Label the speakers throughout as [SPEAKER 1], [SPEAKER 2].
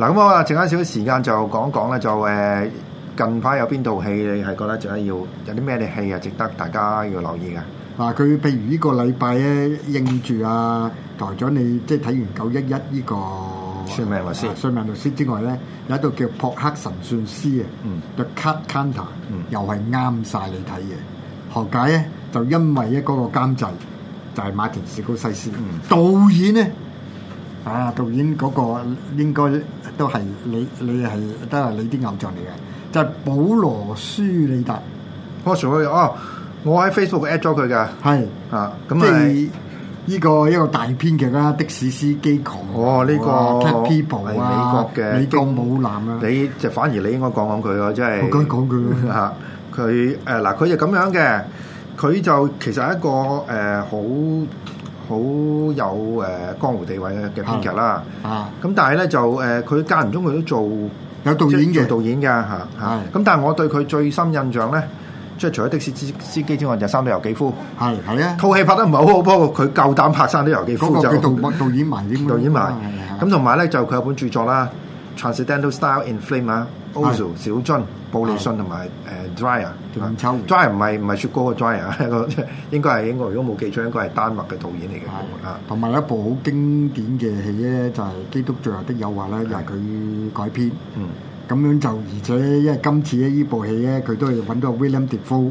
[SPEAKER 1] 嗱，咁我啊，剩翻少少時間就講講咧，就誒近排有邊套戲你係覺得仲得要，有啲咩嘅戲啊，值得大家要留
[SPEAKER 2] 意嘅嗱。佢、啊、譬如呢個禮拜咧，應住啊台長你，你即係睇完《九一一》呢個《算、啊、命律師》《算命律師》之外咧，有一套叫《撲克神算師》啊、嗯，《The Cut Counter、嗯》又係啱晒你睇嘅。何解咧？就因為一嗰個監製就係、是、馬田士高西斯，嗯、導演咧。啊！導演嗰個應該都係你，你係都係你啲偶像嚟嘅，就係、是、保羅·舒里達。我哦，我喺 Facebook add 咗佢嘅。係是啊，咁你呢個一、這個大編劇啦，《的士司機狂》。哦，呢、這個《Cat People、啊》係美國嘅美國舞男啊！你就反而你應該
[SPEAKER 1] 講講佢咯，即、就、係、是、我講講佢啦。佢誒嗱，佢就咁樣嘅，佢就其實係一個誒好。呃好有誒江湖地位嘅編劇啦，咁但係咧就誒佢間唔中佢都做有導演做導演嘅嚇，咁但係我對佢最深印象咧，即係除咗的士司司機之外就三島由紀夫，係係啊，套戲拍得唔係好好，不過佢夠膽拍三島由紀夫就導導演迷導演迷咁，同埋咧就佢有本著作啦，Transcendental Style in Film，Ozu 小津。布利信同埋誒 Dryer 啊，唔臭 Dryer 唔係唔係雪糕嘅 Dryer 啊，
[SPEAKER 2] 應該係應該，如果冇記錯，應該係丹麥嘅導演嚟嘅啊。同埋一部好經典嘅戲咧，就係《基督最後的誘惑》咧，又係佢改編。嗯，咁樣就而且因為今次咧呢部戲咧，佢都係揾到 WilliamDefoe。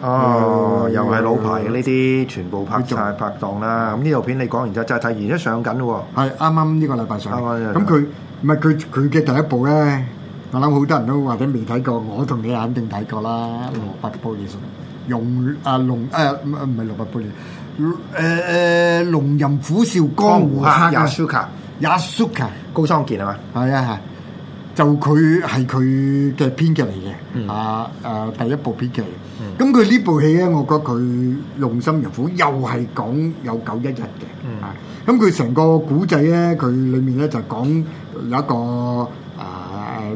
[SPEAKER 2] 哦，又係老牌嘅呢
[SPEAKER 1] 啲全部拍曬拍檔啦。咁呢部片你講完之後再睇，而家上緊喎。
[SPEAKER 2] 係啱啱呢個禮拜上。啱啱。咁佢唔係佢佢嘅第一部咧。我諗好多人都或者未睇過，我同你肯定睇過啦。嗯龍啊《龍八部》其啊龍誒唔係《龍八部》，誒《龍吟虎嘯江湖客》啊，Sugar，高雙傑啊嘛，係啊係，就佢係佢嘅編劇嚟嘅，啊誒第一部編劇，咁佢呢部戲咧，我覺得佢用心入苦，又係講有九一日嘅，啊、嗯，咁佢成個古仔咧，佢裡面咧就講有一個。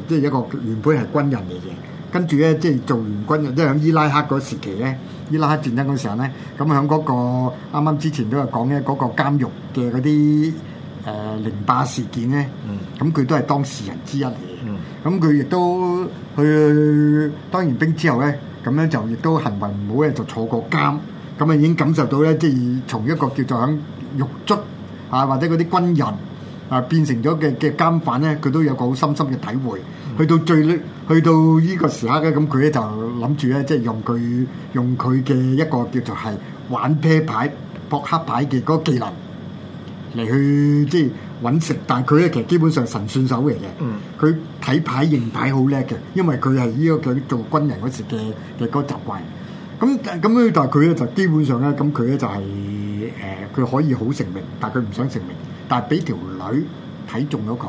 [SPEAKER 2] 即係一個原本係軍人嚟嘅，跟住咧即係做完軍人，即係喺伊拉克嗰時期咧，伊拉克戰爭嗰時候咧，咁喺嗰個啱啱之前都有講嘅嗰個監獄嘅嗰啲誒凌霸事件咧，咁佢、嗯、都係當事人之一嚟嘅，咁佢亦都去當完兵之後咧，咁咧就亦都行為唔好咧，就坐過監，咁啊已經感受到咧，即係從一個叫做喺獄卒啊或者嗰啲軍人。啊，變成咗嘅嘅監犯咧，佢都有個好深深嘅體會。嗯、去到最去到呢個時刻咧，咁佢咧就諗住咧，即係用佢用佢嘅一個叫做係玩啤牌、博黑牌嘅嗰個技能嚟去即係揾食。但係佢咧其實基本上神算手嚟嘅。佢睇、嗯、牌認牌好叻嘅，因為佢係呢個佢做軍人嗰時嘅嘅嗰個習慣。咁咁但係佢咧就基本上咧，咁佢咧就係、是、誒，佢、呃、可以好成名，但係佢唔想成名。但係俾條女睇中咗佢，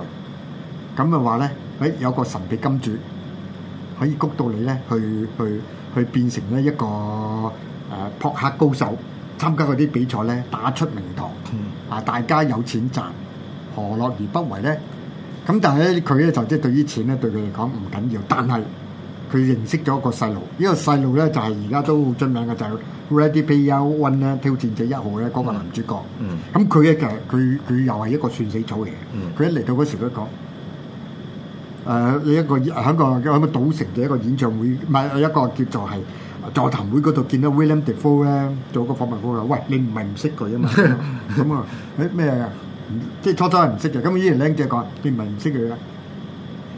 [SPEAKER 2] 咁咪話咧，誒、欸、有個神秘金主可以谷到你咧，去去去變成咧一個誒、呃、撲克高手，參加嗰啲比賽咧，打出名堂，啊、嗯、大家有錢賺，何樂而不為咧？咁但係咧，佢咧就即係對於錢咧，對佢嚟講唔緊要，但係。佢認識咗一個細路，呢個細路咧就係而家都好出名嘅就係 Ready Player One 咧挑戰者一號咧嗰個男主角。咁佢嘅其實佢佢又係一個算死草嚟嘅。佢一嚟到嗰時佢講誒一個喺個喺個賭城嘅一個演唱會，唔係一個叫做係座談會嗰度見到 William Defoe 咧做個訪問，佢話：喂，你唔係唔識佢啊嘛？咁啊誒咩？即初初係唔識嘅，咁依然靚仔講：你唔係唔識佢嘅。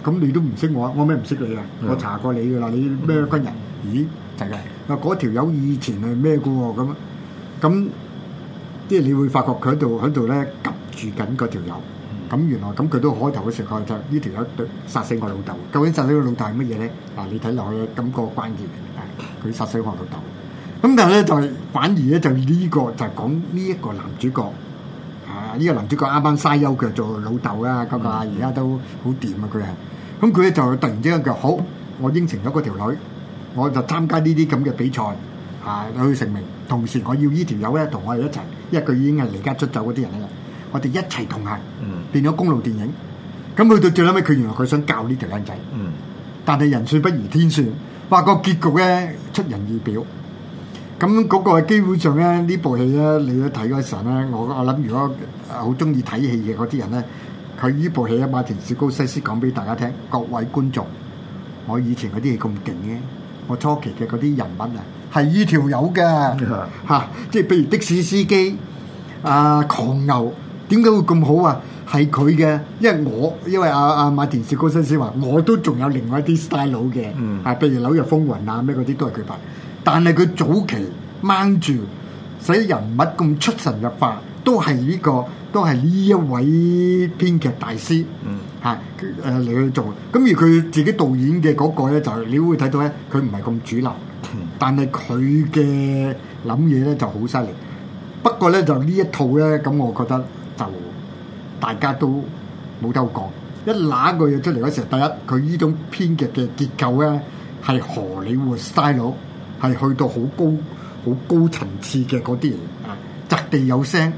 [SPEAKER 2] 咁你都唔識我，我咩唔識你啊？Yeah. 我查過你㗎啦，你咩軍人？咦？係㗎。嗱，嗰條友以前係咩嘅喎？咁，咁即係你會發覺佢喺度喺度咧急住緊嗰條友。咁原來咁佢都開頭嘅時候就呢條友殺死我老豆。究竟殺死我老豆係乜嘢咧？嗱、啊，你睇落去感、覺關鍵，嚟、啊。佢殺死我老豆。咁但係咧就係、是、反而咧就呢、這個就係、是、講呢一個男主角。啊！呢、這個男主角啱啱嘥憂，佢做老豆啦，咁個而家都好掂啊，佢啊～咁佢咧就突然之間佢話：好，我應承咗嗰條女，我就參加呢啲咁嘅比賽，啊，去成名。同時我要呢條友咧同我哋一齊，因為佢已經係離家出走嗰啲人啦。我哋一齊同行，變咗公路電影。咁去到最後尾，佢原來佢想教呢條靚仔。但係人算不如天算，話，個結局咧出人意表。咁嗰個基本上咧呢部戲咧，你去睇嗰時候咧，我我諗如果好中意睇戲嘅嗰啲人咧。佢呢部戲啊，馬田小高西斯講俾大家聽，各位觀眾，我以前嗰啲嘢咁勁嘅，我初期嘅嗰啲人物人、mm hmm. 啊，係依條友嘅嚇，即係譬如的士司機啊、狂牛點解會咁好啊？係佢嘅，因為我因為啊啊馬田小高西斯話，我都仲有另外一啲 style 嘅，mm hmm. 啊，譬如《紐約風雲啊》啊咩嗰啲都係佢拍，但係佢早期掹住使人物咁出神入化，都係呢、呢個。都係呢一位編劇大師嚇誒嚟去做，咁而佢自己導演嘅嗰個咧，就你會睇到咧，佢唔係咁主流，但係佢嘅諗嘢咧就好犀利。不過咧，就呢一套咧，咁我覺得就大家都冇得講。一揦個嘢出嚟嗰時候，第一，佢呢種編劇嘅結構咧係荷里活 style，係去到好高好高層次嘅嗰啲人啊，擲地有聲。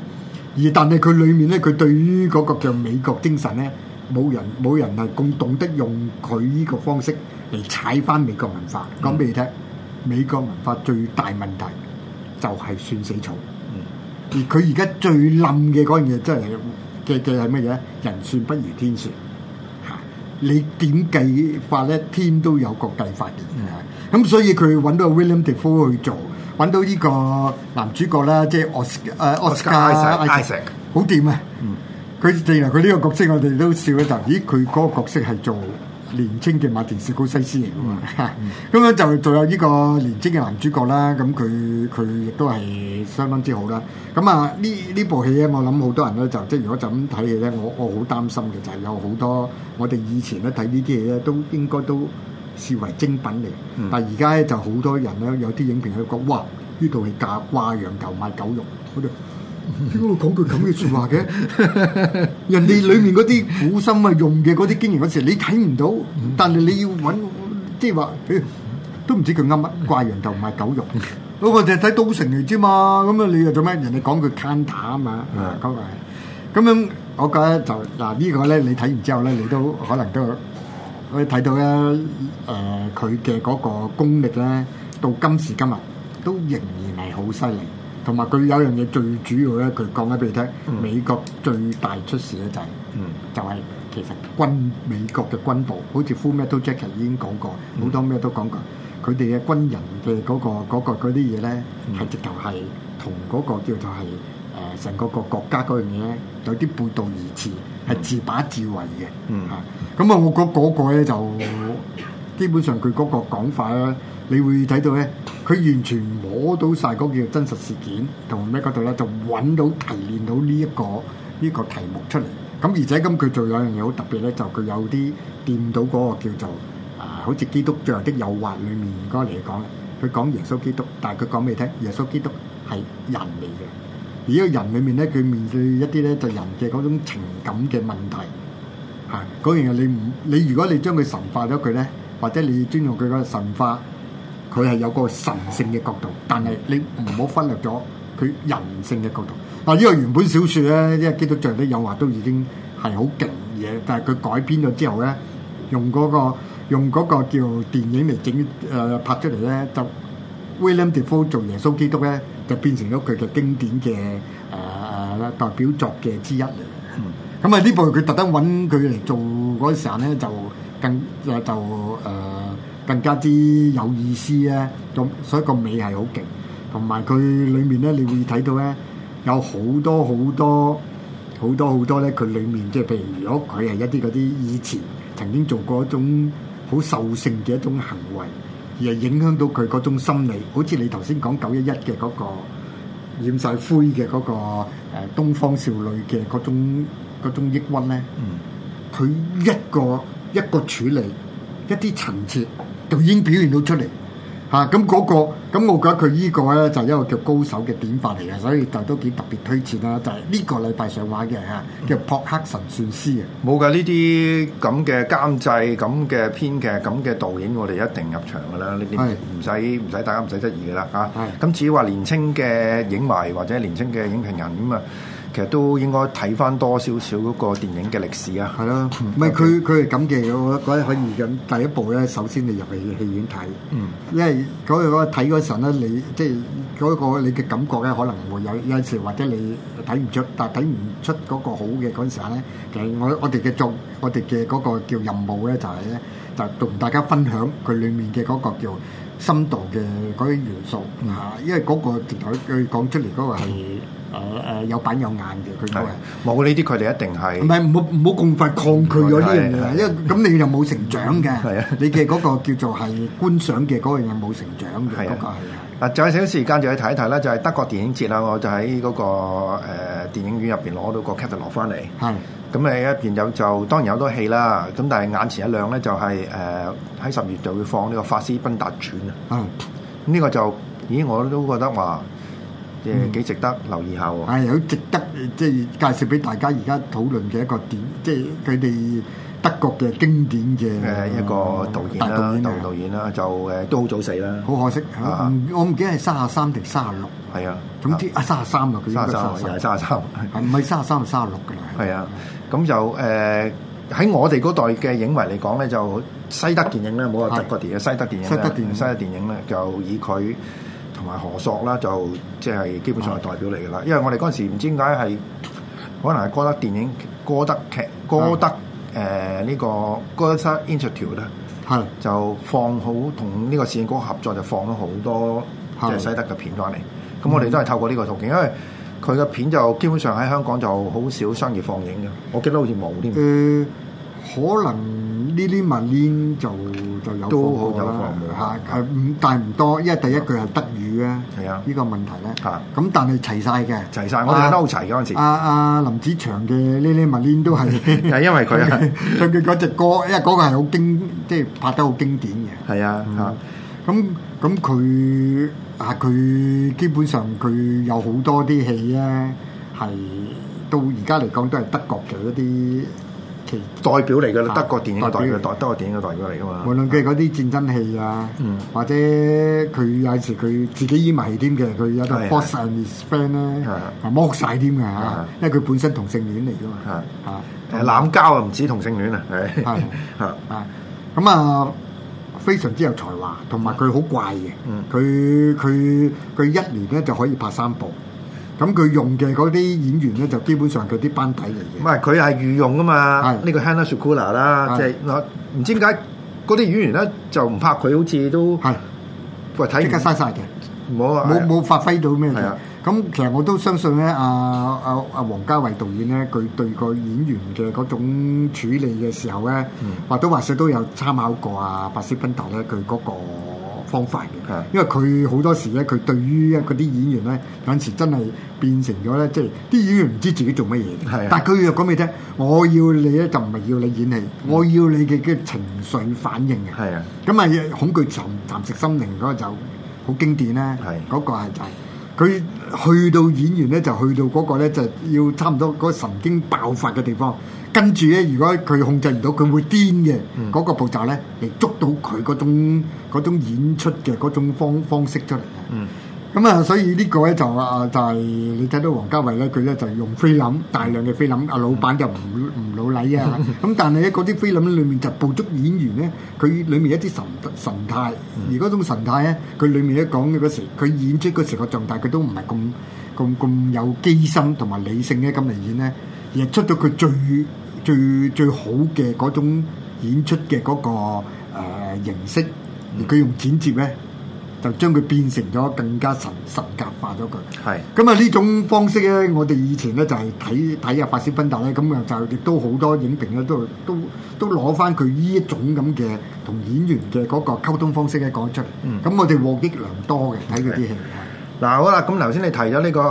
[SPEAKER 2] 而但係佢裏面咧，佢對於嗰個叫美國精神咧，冇人冇人係咁懂得用佢呢個方式嚟踩翻美國文化。講俾、嗯、你聽，美國文化最大問題就係算死草。嗯、而佢而家最冧嘅嗰樣嘢，真係嘅嘅係乜嘢？人算不如天算。嚇、啊！你點計法咧？天都有個計法嘅。咁、嗯啊、所以佢揾到 William Defoe 去做。揾到呢個男主角啦，即係奧斯誒奧斯卡，好掂啊！嗯，佢正如佢呢個角色，我哋都笑一啖、就係，咦！佢嗰個角色係做年青嘅馬田史高西斯嚟嘅嘛，咁樣就仲有呢個年青嘅男主角啦。咁佢佢亦都係相當之好啦。咁啊，呢呢部戲咧，我諗好多人咧就即係如果就咁睇嘢咧，我我好擔心嘅就係、係、有好多我哋以前咧睇呢啲嘢咧，都應該都，視為精品嚟，但而家咧就好多人咧，有啲影評佢講，哇！呢度係掛掛羊頭賣狗肉，我哋點解講句咁嘅說話嘅？ 人哋裏面嗰啲苦心啊，用嘅嗰啲經營嗰時，你睇唔到，但係你要揾，即係話，都唔知佢啱乜掛羊頭賣狗肉。我哋睇《都城嚟啫嘛，咁啊、 嗯，你又做咩？人哋講佢 can 打啊嘛，啊，咁咁樣，我覺得就嗱、這個、呢個咧，你睇完之後咧，你都可能都。可以睇到咧，誒佢嘅嗰個功力咧，到今時今日都仍然係好犀利。同埋佢有樣嘢最主要咧，佢講咧俾你聽，美國最大出事咧就係、是，嗯、就係其實軍美國嘅軍部，好似 Full Metal Jacket 已經講過，好、嗯、多咩都講過，佢哋嘅軍人嘅嗰、那個嗰個嗰啲嘢咧，係、那個嗰個嗯、直頭係同嗰個叫做係誒成個個國家嗰樣嘢有啲背道而馳。係自把自為嘅，嚇咁、嗯、啊！我講個咧就基本上佢嗰個講法咧，你會睇到咧，佢完全摸到晒嗰個叫真實事件同咩嗰度咧，就揾到、提煉到呢、這、一個呢、這個題目出嚟。咁、啊、而且咁佢做有樣嘢好特別咧，就佢有啲掂到嗰個叫做啊，好似基督最後的誘惑裡面嗰嚟講，佢講耶穌基督，但係佢講俾你聽，耶穌基督係人嚟嘅。依個人裏面咧，佢面對一啲咧就人嘅嗰種情感嘅問題，嚇嗰樣嘢你唔你如果你將佢神化咗佢咧，或者你尊重佢個神化，佢係有個神性嘅角度，但係你唔好忽略咗佢人性嘅角度。嗱依個原本小説咧，即係《基督降的誘惑》都已經係好勁嘢，但係佢改編咗之後咧，用嗰、嗰個用嗰個叫電影嚟整誒拍出嚟咧就，William Defoe 做耶穌基督咧，就變成咗佢嘅經典嘅誒、呃呃、代表作嘅之一啦。咁啊，嗯部那個、呢部佢特登揾佢嚟做嗰陣咧，就更就誒、呃、更加之有意思咧。咁所以個尾係好勁，同埋佢裏面咧，你會睇到咧，有好多好多好多好多咧，佢裏面即係譬如，如果佢係一啲嗰啲以前曾經做過一種好獸性嘅一種行為。而係影響到佢嗰種心理，好似你頭先講九一一嘅嗰個染晒灰嘅嗰個誒東方少女嘅嗰種、嗰種抑鬱咧，佢、嗯、一個一個處理一啲層次，就已經表現到出嚟。嚇！咁嗰、啊嗯那個咁、嗯，我覺得佢依個咧就是、一個叫高手嘅典範嚟嘅，所以就都幾特別推薦啦。就係、是、呢個禮拜上畫嘅嚇，叫《撲克
[SPEAKER 1] 神算師》。冇噶呢啲咁嘅監製、咁嘅編劇、咁嘅導演，我哋一定入場噶啦。呢啲唔使唔使，大家唔使質疑噶啦嚇。咁、啊、是至於話年青嘅影迷或者年青嘅影評人咁啊。其實都應該睇翻多少少嗰個電影嘅歷史啊的，係咯、嗯。唔係
[SPEAKER 2] 佢佢係咁嘅，我覺得可以咁第一部咧，首先你入去戲院睇，嗯、因為嗰、那個睇嗰陣咧，你即係嗰個你嘅感覺咧，可能會有有時或者你睇唔出，但係睇唔出嗰個好嘅嗰陣時咧，其實我我哋嘅作，我哋嘅嗰個叫任務咧，就係、是、咧，就同、是、大家分享佢裡面嘅嗰個叫深度嘅嗰啲元素吓，嗯、因為嗰、那個其實佢講出嚟嗰個係。嗯。誒誒、呃、有板有眼嘅，佢個冇呢啲，佢哋一定係唔係唔好唔好咁快抗拒咗呢樣嘢，因為咁是你又冇成長嘅，啊、你嘅嗰個叫做係觀賞嘅嗰樣嘢冇成長嘅嗰個係啊！嗱、啊，再少時間就去睇一睇啦，就係、是、
[SPEAKER 1] 德國電影節啦，我就喺嗰、那個誒、呃、電影院入邊攞到個 catalog 翻嚟，係咁你一邊有就當然有好多戲啦，咁但係眼前一亮咧就係誒喺十月就會放呢個《法斯賓達傳》啊、嗯！嗯，呢個就咦我都覺得話。誒幾值得留意下
[SPEAKER 2] 喎！係好值得即係介紹俾大家而家討論嘅一個點，即係佢哋德國嘅經典嘅一個導演啦，導演啦，就誒都好早死啦。好可惜嚇！我唔記得係三啊三定三啊六。係啊，總之啊三啊三咯，佢應該係三啊三又係三啊三。係唔係三啊三定三啊六㗎喇？係啊，
[SPEAKER 1] 咁就誒喺我哋嗰代嘅影迷嚟講咧，就西德電影咧，冇話德國電影，西德電影、西德電影咧，就以佢。同埋何索啦，就即係基本上係代表嚟噶啦。因為我哋嗰陣時唔知點解係可能係歌德電影、歌德劇，歌德誒呢、嗯呃這個歌德 Institute 咧是，就放好同呢個電影公司合作，就放咗好多即係西德嘅片翻嚟。咁是、嗯、我哋都係透過呢個途徑，因為佢嘅片就基本上喺香港就好少商業放映嘅，我記
[SPEAKER 2] 得好似冇添。誒、呃，可能呢啲默片就就有都好啦嚇，誒、嗯、但係唔多，因為第一句係得。嘅係啊，呢個問題咧嚇，咁、啊、但係齊晒嘅，齊晒。我哋撈齊嗰陣時。阿、啊啊、林子祥嘅呢啲物 n 都係係 因為佢啊，對佢嗰隻歌，因為嗰個係好經，即、就、係、是、拍得好經典嘅。係啊嚇，咁咁佢啊佢、嗯啊、基本上佢有好多啲戲咧，係到而家嚟講都係德國嘅一啲。代表嚟噶啦，德國電影代表，德德國電影嘅代表嚟噶嘛。無論佢嗰啲戰爭戲啊，或者佢有時佢自己演埋添嘅，佢有得 boss and his friend 咧，係剝曬添嘅嚇，因為佢本身同性戀嚟噶嘛。啊，誒，濫
[SPEAKER 1] 交啊，唔止同性戀啊，係
[SPEAKER 2] 係啊，咁啊，非常之有才華，同埋佢好怪嘅。佢佢佢一年咧就可以拍三部。咁佢用嘅嗰啲演員咧，就基本上佢啲班底嚟嘅。唔係佢係御
[SPEAKER 1] 用㗎嘛？係呢的個 Hannah Shukula 啦的，即係我唔知點解嗰啲演員咧就
[SPEAKER 2] 唔拍佢，好似都係即刻嘥曬嘅，
[SPEAKER 1] 冇冇
[SPEAKER 2] 冇發揮到咩嘅。咁的其實我都相信咧，阿阿阿王家衞導演咧，佢對個演員嘅嗰種處理嘅時候咧，或多或少都有參考過啊，白色賓頭咧佢嗰個。方法嘅，因為佢好多時咧，佢對於一嗰啲演員咧，有陣時真係變成咗咧，即係啲演員唔知自己做乜嘢嘅。是的 但係佢又講俾你聽，我要你咧就唔係要你演戲，我要你嘅嘅情緒反應嘅。係啊，咁啊，恐懼蠶蠶食心靈嗰個就好經典咧。係是的，嗰個係就係佢去到演員咧，就去到嗰個咧，就要差唔多嗰個神經爆發嘅地方。跟住咧，如果佢控制唔到，佢會癲嘅。嗰、嗯、個步驟咧，嚟捉到佢嗰種，種演出嘅嗰種方方式出嚟嘅。咁啊、嗯嗯，所以個、就是、呢個咧就啊就係你睇到王家衛咧，佢咧就用菲林大量嘅菲林，阿老闆就唔唔、嗯、老禮啊。咁、嗯、但係咧嗰啲菲林裡面就捕捉演員咧，佢裡面一啲神神態，而嗰種神態咧，佢裡面一講嘅嗰時，佢演出嗰時嘅狀態，佢都唔係咁咁咁有機心同埋理性嘅咁嚟演咧，而出到佢最。最最好嘅嗰種演出嘅嗰個，呃，形式，而佢用剪接咧，就將佢變成咗更加神神格化咗佢。係咁啊！呢種方式咧，我哋以前咧就係睇睇下法斯賓達咧，咁啊就亦都好多影評咧都都都攞翻佢呢一種咁嘅同演員嘅嗰個溝通方式咧講出。嗯，咁我哋獲益良多嘅睇佢啲戲。嗱，好啦，咁頭先
[SPEAKER 1] 你提咗呢個誒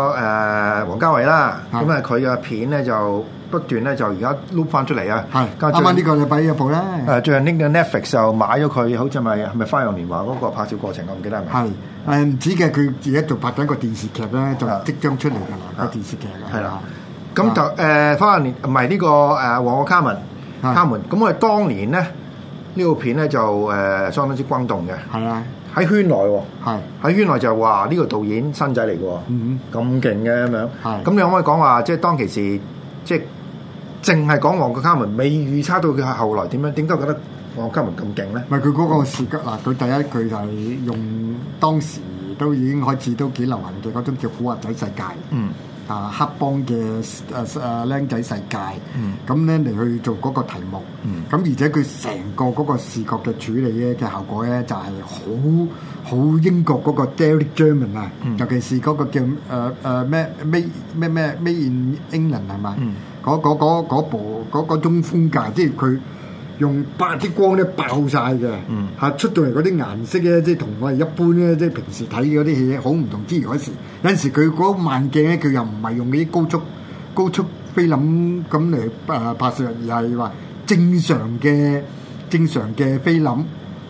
[SPEAKER 1] 王家衛啦，咁啊佢嘅片咧就不斷咧就而家擼翻出嚟啊！係啱啱呢個就禮
[SPEAKER 2] 拜一部啦。誒，
[SPEAKER 1] 最近呢個 Netflix 就買咗佢，好似咪係咪《花樣年華》嗰個拍攝過程我唔記得係咪？係誒唔止嘅，佢自己仲拍緊一個電視劇咧，仲係即將出嚟嘅啦，個電視劇。係啦，咁就誒《花樣年》唔係呢個誒黃卡文卡文。咁我哋當年咧呢部片咧就誒相當之轟動嘅。係啊。喺圈內喎，喺是圈內就話呢、這個導演新仔嚟嘅喎，咁勁嘅咁樣，咁是你可唔可以講話、啊、即係當其時，即係淨係講黃國卡文，未預測到佢係後來點樣？點解覺得黃國卡文咁勁咧？唔係佢嗰個時
[SPEAKER 2] 嗱，佢第一句就係用當時都已經開始都幾流行嘅嗰種叫古惑仔世界。嗯。嗯。啊，黑幫嘅啊啊僆仔世界，咁咧嚟去做嗰個題目，咁、嗯、而且佢成個嗰個視覺嘅處理咧嘅效果咧就係好好英國嗰個 Daily German 啊，尤其是嗰個叫誒誒咩咩咩咩咩 England 係咪？嗰嗰嗰嗰部嗰嗰種風格，即係佢。用白啲光咧爆晒嘅，嚇、嗯啊、出到嚟嗰啲顏色咧，即係同我哋一般咧，即係平時睇嗰啲戲好唔同。之餘嗰時，有陣時佢嗰個慢鏡咧，佢又唔係用啲高速高速菲林咁嚟誒拍攝，而係話正常嘅正常嘅菲林誒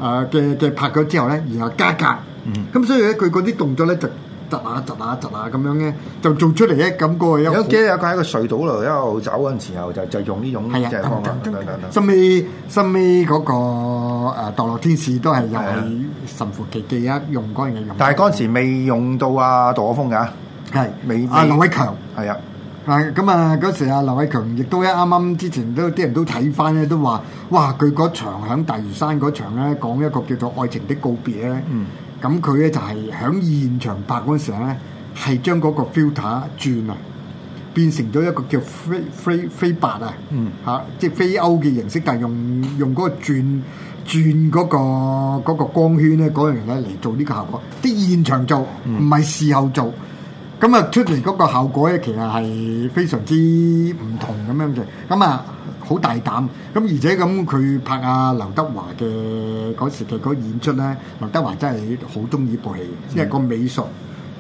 [SPEAKER 2] 嘅嘅拍咗之後咧，然後加格，咁、嗯啊、所以咧佢嗰啲動作咧就。窒下窒下窒下咁樣咧，就做出嚟咧感覺。有記得
[SPEAKER 1] 有架喺個隧道度，一路走嗰陣時候就就用呢種即係方法。深
[SPEAKER 2] 尾深尾嗰個墮、啊、落天使都係又係神乎其技是啊用用！用嗰嘅用。但係嗰時未用到啊杜可風㗎，係未啊劉偉強係啊。咁啊嗰是、啊啊、時啊劉偉強亦都一啱啱之前都啲人都睇翻咧，都話哇佢嗰場喺大嶼山嗰場咧講一個叫做愛情的告別咧。嗯咁佢咧就係響現場拍陣時候咧，係將嗰個 filter 轉啊，變成咗一個叫飛飛飛白、嗯、啊，嗯，吓，即係飛歐嘅形式，但係用用個轉轉、嗰個、嗰個光圈咧樣嘢咧嚟,做呢個效果，啲現場做唔係事後做。嗯咁啊，出嚟嗰個效果咧，其實係非常之唔同咁樣嘅。咁啊，好大膽。咁而且咁佢拍啊，劉德華嘅嗰時嘅嗰演出咧，劉德華真係好中意部戲，因為個美術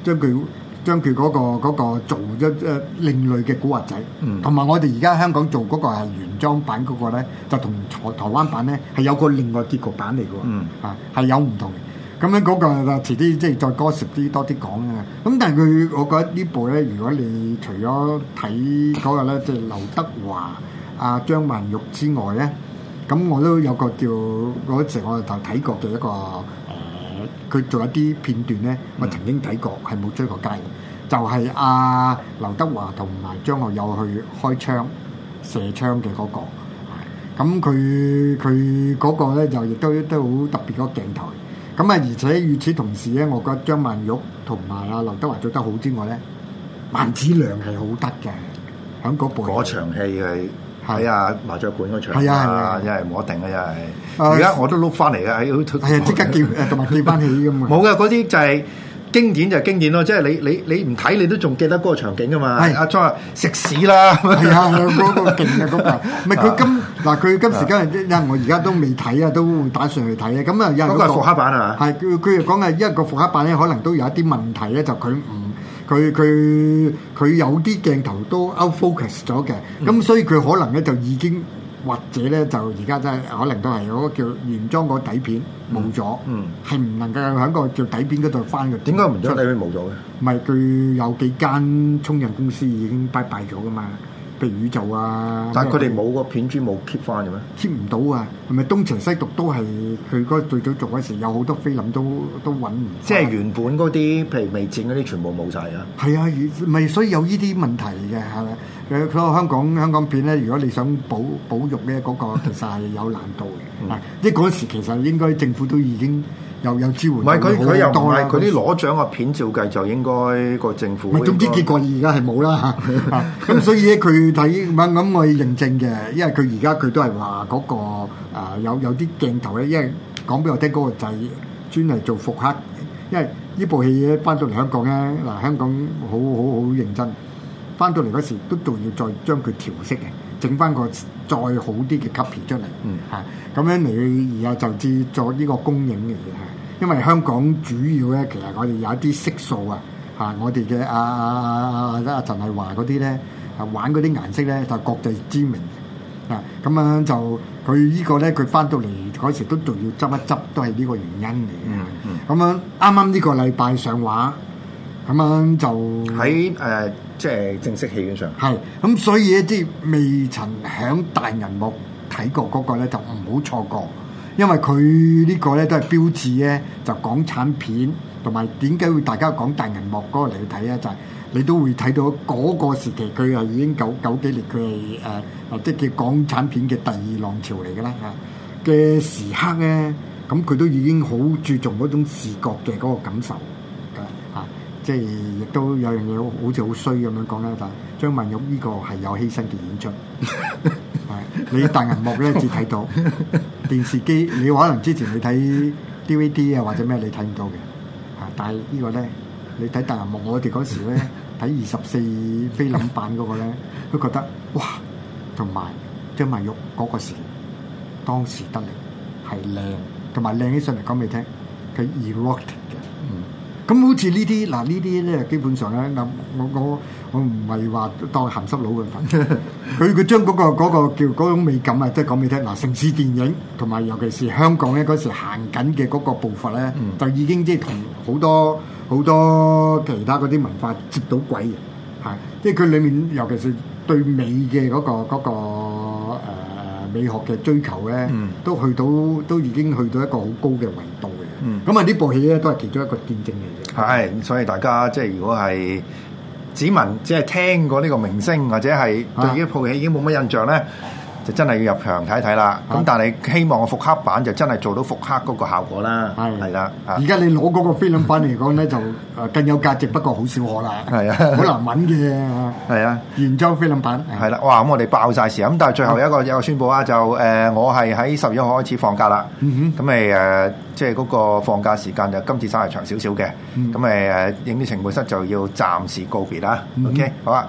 [SPEAKER 2] 將佢將佢嗰個嗰個做咗另類嘅古惑仔。同埋、嗯、我哋而家香港做嗰個係原裝版嗰個咧，就同台台灣版咧係有個另外結局版嚟嘅喎。嗯。啊，係有唔同。咁樣嗰個啊，遲啲即係再歌涉啲多啲講嘅。咁但係佢，我覺得呢部咧，如果你除咗睇嗰個咧，即係劉德華、阿張曼玉之外咧，咁我都有個叫嗰時我就睇過嘅一個誒，佢做一啲片段咧，我曾經睇過係冇追過街嘅，就係阿劉德華同埋張學友去開槍射槍嘅嗰個。咁佢佢嗰個咧就亦都都好特別嗰鏡頭。咁啊！而且與此同時咧，我覺得張曼玉同埋啊劉德華做得好之外咧，萬梓良係好得嘅。喺嗰部嗰場戲係係
[SPEAKER 1] 啊麻雀館嗰場的啊，又係冇得定嘅，又係而家我都碌翻嚟嘅，啊即、啊、刻叫同埋 叫翻起咁嘅。冇嘅嗰啲就係、是。經典就係經典咯，即係你你你唔睇
[SPEAKER 2] 你都仲記得嗰個場景噶嘛？係是阿莊啊，食屎啦！係啊，嗰個勁嘅嗰個，咪佢今嗱佢今時今日， 因為我而家都未睇啊，都打算去睇啊。咁啊，有個復刻版啊，係佢佢講係一個復刻版咧，可能都有一啲問題咧，就佢唔，佢佢佢有啲鏡頭都 out focus 咗嘅，咁所以佢可能咧就已經。或者咧就而家真係可能都係嗰個叫原裝嗰底片冇咗，係唔、嗯嗯、能夠喺個叫底片嗰度翻嘅。點解唔出嚟？原裝底片冇咗嘅？唔係佢有幾間沖印公司已經拜拜咗噶嘛。嘅宇宙啊，但係佢哋冇個片珠冇 keep 返嘅咩？keep 唔到啊，係咪東邪西毒都係佢嗰最早做嗰時有好多菲林都都揾唔
[SPEAKER 1] 即係原本嗰啲，譬如未整嗰啲全部冇晒啊！
[SPEAKER 2] 係啊，咪所以有呢啲問題嘅係咪？誒，佢話香港香港片咧，如果你想保保育咧、那個，嗰個 其實係有難度嘅嗱，即係嗰時其實應該政府都已經。又又支援，唔係佢佢又唔係佢啲攞
[SPEAKER 1] 獎嘅片照，照計就應該個政府。唔總之結果
[SPEAKER 2] 而家係冇啦嚇。咁 所以咧，佢睇咁咁我認證嘅，因為佢而家佢都係話嗰個、呃、有有啲鏡頭咧，因為講俾我聽嗰、嗰個仔專係做復刻，因為呢部戲咧翻到嚟香港咧，嗱香港好好好認真，翻到嚟嗰時都仲要再將佢調色嘅，整翻個再好啲嘅 copy 出嚟。嗯，嚇咁樣你然後就至作呢個公映嘅嘢嚇。因為香港主要咧，其實我哋有一啲色素啊，嚇我哋嘅阿阿阿阿阿陳麗華嗰啲咧，玩嗰啲顏色咧就是、國際知名，啊咁樣、啊、就佢呢個咧，佢翻到嚟嗰時都仲要執一執，都係呢個原因嚟嘅。咁樣啱啱呢個禮拜上畫，咁、嗯、樣就喺誒即係正式戲院上。係咁，所以咧啲未曾響大銀幕睇過嗰個咧，就唔好錯過。因為佢呢個咧都係標誌咧，就港產片同埋點解會大家講大銀幕嗰個嚟去睇啊？就係、是、你都會睇到嗰個時期，佢係已經九九幾年，佢係誒即係叫港產片嘅第二浪潮嚟嘅啦嚇嘅時刻咧，咁、嗯、佢都已經好注重嗰種視覺嘅嗰個感受嘅嚇、啊，即係亦都有樣嘢好似好衰咁樣講咧，就係張曼玉呢個係有犧牲嘅演出。 你大銀幕咧只睇到 電視機，你可能之前你睇 DVD 啊或者咩你睇唔到嘅，嚇！但係呢個咧，你睇大銀幕，我哋嗰時咧睇二十四菲林版嗰個咧，都覺得哇，同埋張曼玉嗰個時，當時得力，係靚， 同埋靚起上嚟講俾你聽，佢 erotic 嘅， 嗯。咁好似呢啲嗱，呢啲咧基本上咧，嗱我我。我我我唔係話當鹹濕佬嘅份，佢佢將嗰個嗰個叫嗰種美感啊，即係講俾你聽。嗱，城市電影同埋尤其是香港咧嗰時行緊嘅嗰個步伐咧，就已經即係同好多好多其他嗰啲文化接到軌嘅，係即係佢裏面尤其是對美嘅嗰個嗰個誒美學嘅追求咧，都去到都已經去到一個好高嘅維度嘅。嗯，咁啊呢部戲咧都係其中一個見證嚟
[SPEAKER 1] 嘅。係，所以大家即係如果係。市民只係聽過呢個明星，或者係對對於部戲已經冇乜印象咧。就真係要入場睇一睇啦。咁但係你希望個復刻版就真係做到復刻嗰個效果啦。係，係啦。
[SPEAKER 2] 而家你攞嗰個菲林版嚟講咧，就更有價值，不過好少可啦。係啊，好難
[SPEAKER 1] 揾嘅。係啊，原裝菲林版，係啦。哇！咁我哋爆晒事。咁但係最後一個有個宣佈啊，就誒我係喺十一號開始放假啦。咁咪誒，即係嗰個放假時間就今次稍係長少少嘅。咁咪誒，影啲情報室就要暫時告別啦。OK，好啊。